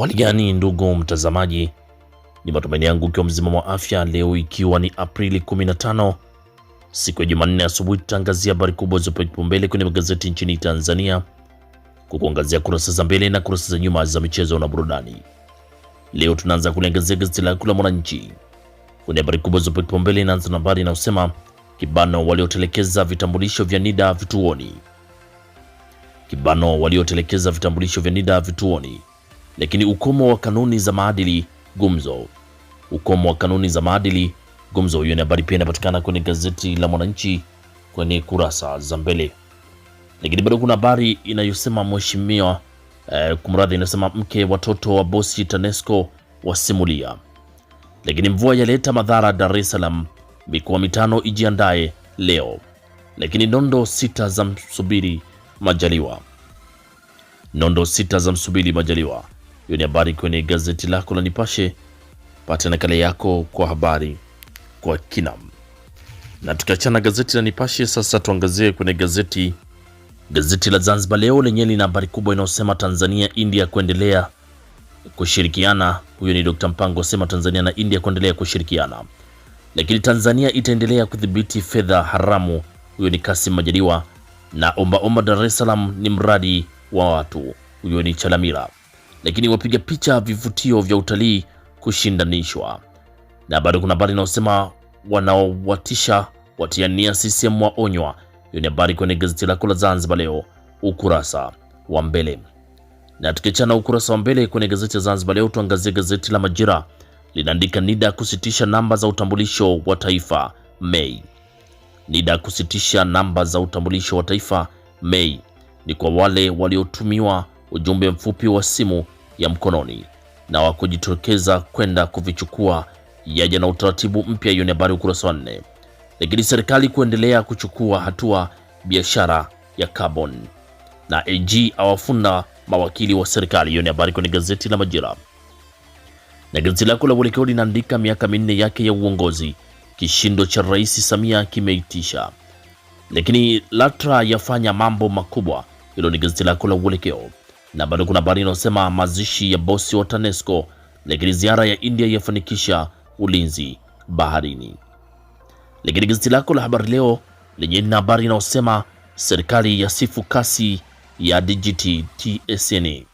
Hali gani ndugu mtazamaji, ni matumaini yangu ukiwa mzima wa afya leo, ikiwa ni Aprili 15 siku ya Jumanne asubuhi, tutaangazia habari kubwa zilizopewa kipaumbele kwenye magazeti nchini Tanzania, kukuangazia kurasa za mbele na kurasa za nyuma za michezo na burudani. Leo tunaanza kuliangazia gazeti laku la Mwananchi kwenye habari kubwa zilizopewa kipaumbele. Inaanza na habari inayosema kibano waliotelekeza vitambulisho vya NIDA vituoni. Kibano waliotelekeza vitambulisho vya NIDA vituoni lakini ukomo wa kanuni za maadili gumzo, ukomo wa kanuni za maadili gumzo. Hiyo ni habari pia inapatikana kwenye gazeti la Mwananchi kwenye kurasa za mbele. Lakini bado kuna habari inayosema mheshimiwa eh, kumradhi, inasema mke watoto wa bosi TANESCO wasimulia. Lakini mvua yaleta madhara Dar es Salaam, mikoa mitano ijiandae leo. Lakini nondo sita za msubiri Majaliwa, nondo sita za msubiri Majaliwa. Hiyo ni habari kwenye gazeti lako la Nipashe. Pata nakala yako kwa habari kwa kina. Na tukiachana gazeti la Nipashe, sasa tuangazie kwenye gazeti gazeti la Zanzibar Leo lenyewe lina habari kubwa inayosema Tanzania India kuendelea kushirikiana. Huyo ni Dr. Mpango asema Tanzania na India kuendelea kushirikiana, lakini Tanzania itaendelea kudhibiti fedha haramu. Huyo ni Kasim Majaliwa na ombaomba Dar es Salaam ni mradi wa watu. Huyo ni Chalamila lakini wapiga picha vivutio vya utalii kushindanishwa. Na bado kuna habari inayosema wanaowatisha watiania CCM waonywa. Hiyo ni habari kwenye gazeti lako la Zanzibar Leo ukurasa wa mbele. Na tukiachana ukurasa wa mbele kwenye gazeti la Zanzibar Leo, tuangazie gazeti la Majira linaandika NIDA kusitisha namba za utambulisho wa taifa Mei. NIDA kusitisha namba za utambulisho wa taifa Mei ni kwa wale waliotumiwa ujumbe mfupi wa simu ya mkononi na wa kujitokeza kwenda kuvichukua yaja na utaratibu mpya. Hiyo ni habari ukurasa wa nne. Lakini serikali kuendelea kuchukua hatua biashara ya carbon na AG awafunda mawakili wa serikali. Hiyo ni habari kwenye gazeti la Majira na gazeti lako la Uelekeo linaandika miaka minne yake ya uongozi, kishindo cha Rais Samia kimeitisha, lakini LATRA yafanya mambo makubwa. Hilo ni gazeti lako la Uelekeo. Na bado kuna habari inayosema mazishi ya bosi wa TANESCO, lakini ziara ya India yafanikisha ulinzi baharini. Lakini gazeti lako la Habari Leo lenye na habari inayosema serikali yasifu kasi ya dijiti TSN.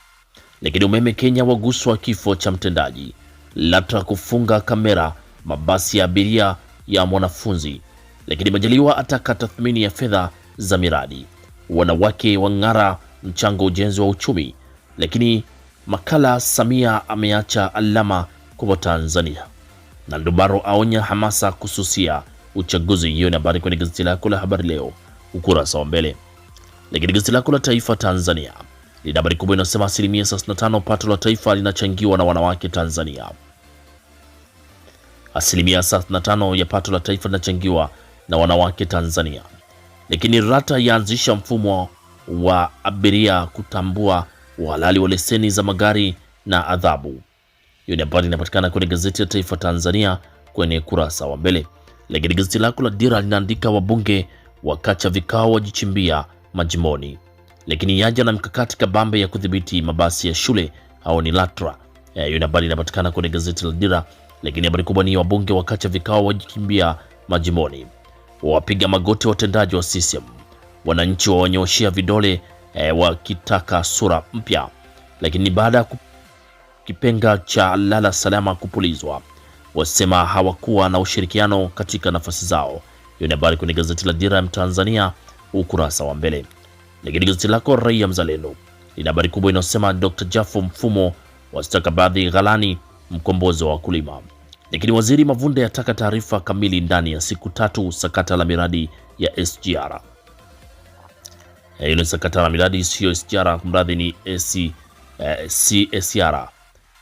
Lakini umeme Kenya waguswa kifo cha mtendaji. LATRA kufunga kamera mabasi ya abiria ya mwanafunzi. Lakini Majaliwa ataka tathmini ya fedha za miradi. Wanawake wang'ara mchango ujenzi wa uchumi, lakini makala Samia ameacha alama kwa Watanzania. Na ndobaro aonya hamasa kususia uchaguzi. Hiyo ni habari kwenye gazeti lako la habari leo ukurasa wa mbele. Lakini gazeti lako la taifa Tanzania lina habari kubwa inasema asilimia 35 pato la taifa linachangiwa na wanawake Tanzania. Asilimia 35 ya pato la taifa linachangiwa na wanawake Tanzania. Lakini Rata yaanzisha mfumo wa abiria kutambua uhalali wa leseni za magari na adhabu. Hiyo ni habari inapatikana kwenye gazeti la Taifa Tanzania kwenye kurasa wa mbele. Lakini gazeti lako la Dira linaandika wabunge wakacha vikao wajichimbia majimboni, lakini yaja na mkakati kabambe ya kudhibiti mabasi ya shule au ni LATRA. Eh, hiyo ni habari inapatikana kwenye gazeti la Dira, lakini habari kubwa ni wabunge wakacha vikao wajikimbia majimoni wapiga magoti watendaji wa CCM wananchi wawanyoshea vidole e, wakitaka sura mpya, lakini baada ya kipenga cha lala salama kupulizwa wasema hawakuwa na ushirikiano katika nafasi zao. Hiyo ni habari kwenye gazeti la Dira ya Mtanzania ukurasa wa mbele. Lakini gazeti lako Raia Mzalendo lina habari kubwa inayosema Dr. Jafo Mfumo baadhi ghalani mkombozi wa wakulima. Lakini waziri Mavunde ataka taarifa kamili ndani ya siku tatu sakata la miradi ya SGR eh, yule sakata la miradi isiyo SGR mradhi ni AC, eh, CSR,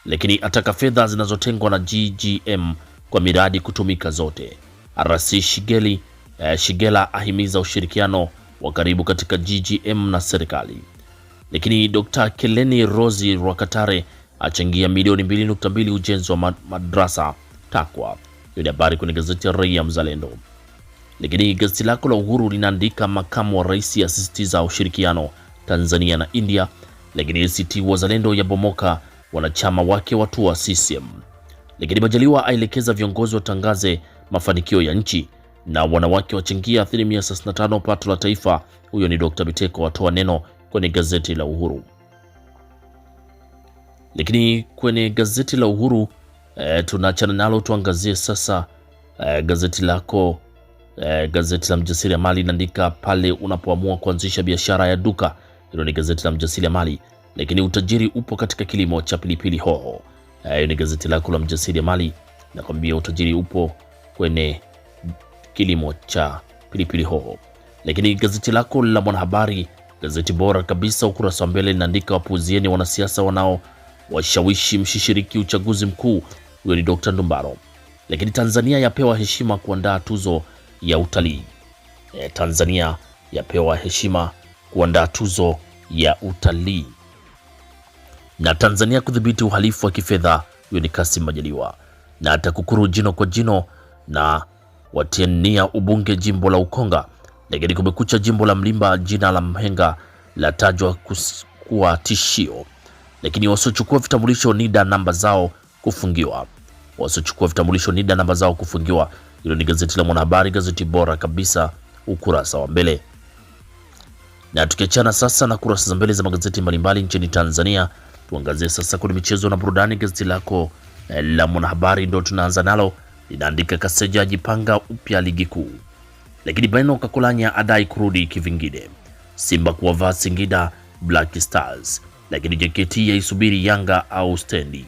lakini ataka fedha zinazotengwa na GGM kwa miradi kutumika zote. RC Shigeli, eh, Shigela ahimiza ushirikiano wa karibu katika GGM na serikali. Lakini Dr. Keleni Rosi Rwakatare achangia milioni 2.2 ujenzi wa madrasa Takwa. Hiyo ni habari kwenye gazeti ya Raia Mzalendo. Lakini gazeti lako la Uhuru linaandika makamu wa rais asisitiza ushirikiano Tanzania na India. Lakini ACT Wazalendo ya bomoka wanachama wake watua wa CCM. Lakini Majaliwa aelekeza viongozi watangaze mafanikio ya nchi na wanawake wachangia asilimia 65 pato la taifa. Huyo ni Dr. Biteko atoa neno kwenye gazeti la Uhuru. Lakini kwenye gazeti la Uhuru e, eh, tunachana nalo tuangazie sasa e, gazeti lako eh, gazeti la mali inaandika pale unapoamua kuanzisha biashara ya duka. Hilo ni gazeti la mali lakini utajiri upo katika kilimo cha pilipili hoho. Eh, Hiyo ni gazeti lako la mali nakwambia utajiri upo kwenye kilimo cha pilipili hoho. Lakini gazeti lako la Mwanahabari, gazeti bora kabisa, ukurasa wa mbele linaandika wapuuzieni wanasiasa wanao washawishi mshiriki uchaguzi mkuu. Huyo ni Dr. Ndumbaro. Lakini Tanzania yapewa heshima kuandaa tuzo ya utalii e, Tanzania yapewa heshima kuandaa tuzo ya utalii. Na Tanzania kudhibiti uhalifu wa kifedha, huyo ni Kassim Majaliwa. Na TAKUKURU jino kwa jino na watiania ubunge jimbo la Ukonga. Lakini kumekucha jimbo la Mlimba, jina la mhenga latajwa kuwa tishio. Lakini wasiochukua vitambulisho NIDA namba zao kufungiwa, wasiochukua vitambulisho NIDA namba zao kufungiwa. Hilo ni gazeti la Mwanahabari, gazeti bora kabisa, ukurasa wa mbele. Na tukiachana sasa na kurasa za mbele za magazeti mbalimbali nchini Tanzania, tuangazie sasa kwenye michezo na burudani. Gazeti lako eh, la Mwanahabari ndio tunaanza nalo, linaandika Kaseja ajipanga upya ligi kuu, lakini Baino Kakulanya adai kurudi kivingine, Simba kuwavaa Singida Black Stars, lakini JKT yaisubiri Yanga au stendi,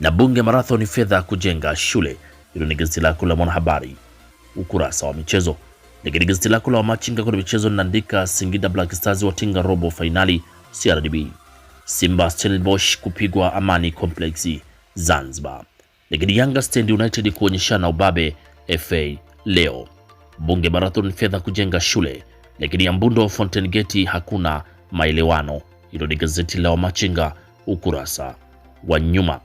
na bunge marathoni fedha kujenga shule hilo ni gazeti lako la Mwanahabari ukurasa wa michezo. Lakini gazeti lako la Wamachinga kwenye michezo linaandika Singida Black Stars watinga robo fainali CRDB, Simba Stellenbosch kupigwa Amani Complex Zanzibar, lakini Yanga Stand United kuonyeshana ubabe FA leo, bunge marathon fedha kujenga shule, lakini ambundo Fountain Gate hakuna maelewano. Hilo ni gazeti la Wamachinga ukurasa wa nyuma.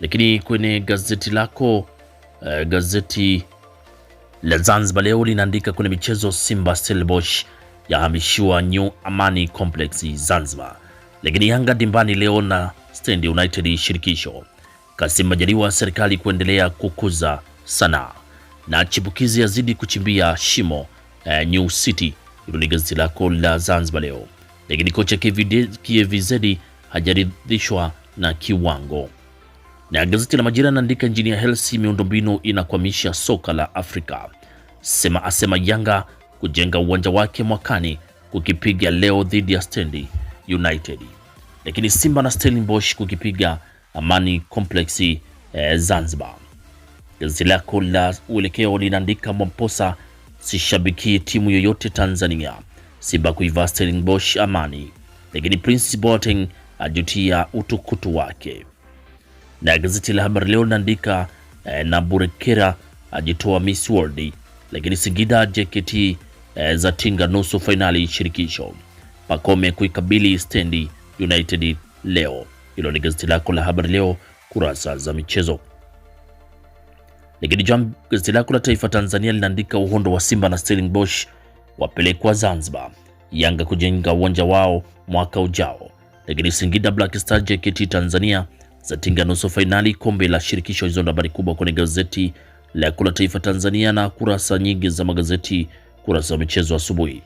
Lakini kwenye gazeti lako uh, gazeti la Zanzibar leo linaandika kwenye michezo, Simba Stellenbosch yahamishiwa New Amani Complex Zanzibar. Lakini Yanga dimbani leo na Stand United shirikisho. kasim Majaliwa, serikali kuendelea kukuza sanaa na chipukizi yazidi kuchimbia shimo uh, New City. Hilo ni gazeti lako la Zanzibar leo. Lakini kocha KVZ hajaridhishwa na kiwango na gazeti la Majira naandika injinia Hersi, miundombinu inakwamisha soka la Afrika. Sema asema Yanga kujenga uwanja wake mwakani kukipiga leo dhidi ya Stendi United. Lakini Simba na Stellenbosch kukipiga Amani Complex eh, Zanzibar. Gazeti lako la Uelekeo linaandika Mwamposa, sishabiki timu yoyote Tanzania. Simba kuiva Stellenbosch Amani. Lakini Prince Boateng ajutia utukutu wake. Na gazeti la Habari Leo linaandika eh, na Burekera ajitoa Miss World, lakini Singida JKT eh, za tinga nusu fainali shirikisho. Pakome kuikabili Stendi United leo. Hilo ni gazeti lako la Habari Leo kurasa za michezo. Lakini jam gazeti lako la Taifa Tanzania linaandika uhondo wa Simba na Bosch wapelekwa Zanzibar, Yanga kujenga uwanja wao mwaka ujao. Lakini Singida Black Star JKT Tanzania zatinga nusu fainali kombe la shirikisho. Hizo ndo habari kubwa kwenye gazeti lako la taifa Tanzania na kurasa nyingi za magazeti, kurasa za michezo asubuhi.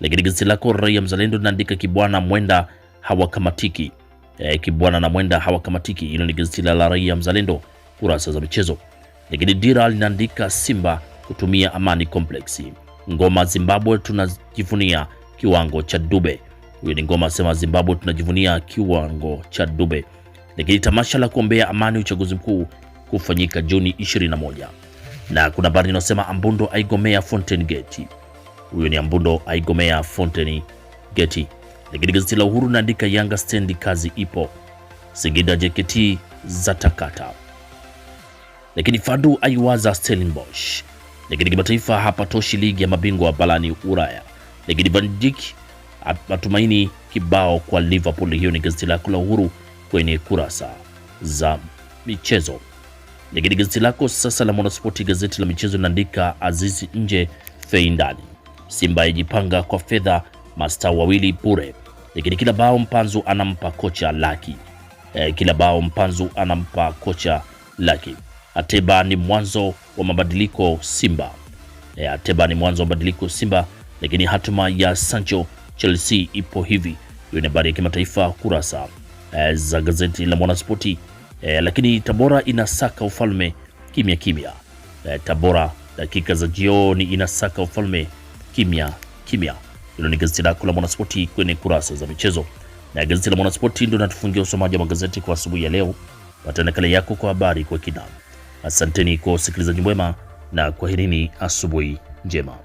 Lakini gazeti lako Raia Mzalendo linaandika Kibwana Mwenda hawakamatiki. E, Kibwana na Mwenda hawakamatiki. Hilo ni gazeti la Raia Mzalendo kurasa za michezo. Lakini Dira linaandika Simba kutumia Amani Complex. Ngoma Zimbabwe tunajivunia kiwango cha Dube. Huyo ni Ngoma asema Zimbabwe tunajivunia kiwango cha Dube lakini tamasha la kuombea amani uchaguzi mkuu kufanyika Juni 21. Na kuna habari inasema Ambundo aigomea Fountain Gate. Huyo ni Ambundo aigomea Fountain Gate. Lakini gazeti la Uhuru naandika Yanga stendi kazi ipo. Singida JKT za takata. Lakini Fadu aiwaza Stellenbosch. Lakini kimataifa hapatoshi ligi ya mabingwa barani Ulaya. Lakini Van Dijk matumaini kibao kwa Liverpool. Hiyo ni gazeti lako la Uhuru kwenye kurasa za michezo. Lakini gazeti lako sasa la Mwanaspoti, gazeti la michezo linaandika Azizi nje, fei ndani, Simba yajipanga kwa fedha, masta wawili bure. Lakini kila bao mpanzu anampa kocha laki e, kila bao mpanzu anampa kocha laki. Ateba ni mwanzo wa mabadiliko Simba e, Ateba ni mwanzo wa mabadiliko Simba. Lakini hatma ya Sancho Chelsea ipo hivi. Hiyo ni habari ya kimataifa kurasa Eh, za gazeti la Mwanaspoti. E, lakini Tabora inasaka ufalme kimya kimya. E, Tabora dakika za jioni inasaka ufalme kimya kimya. Hilo ni gazeti lako la Mwanaspoti kwenye kurasa za michezo, na gazeti la Mwanaspoti ndio natufungia usomaji wa magazeti kwa asubuhi ya leo. Pata nakala yako kwa habari kwa kina. Asanteni kwa usikilizaji mwema na kwaherini, asubuhi njema.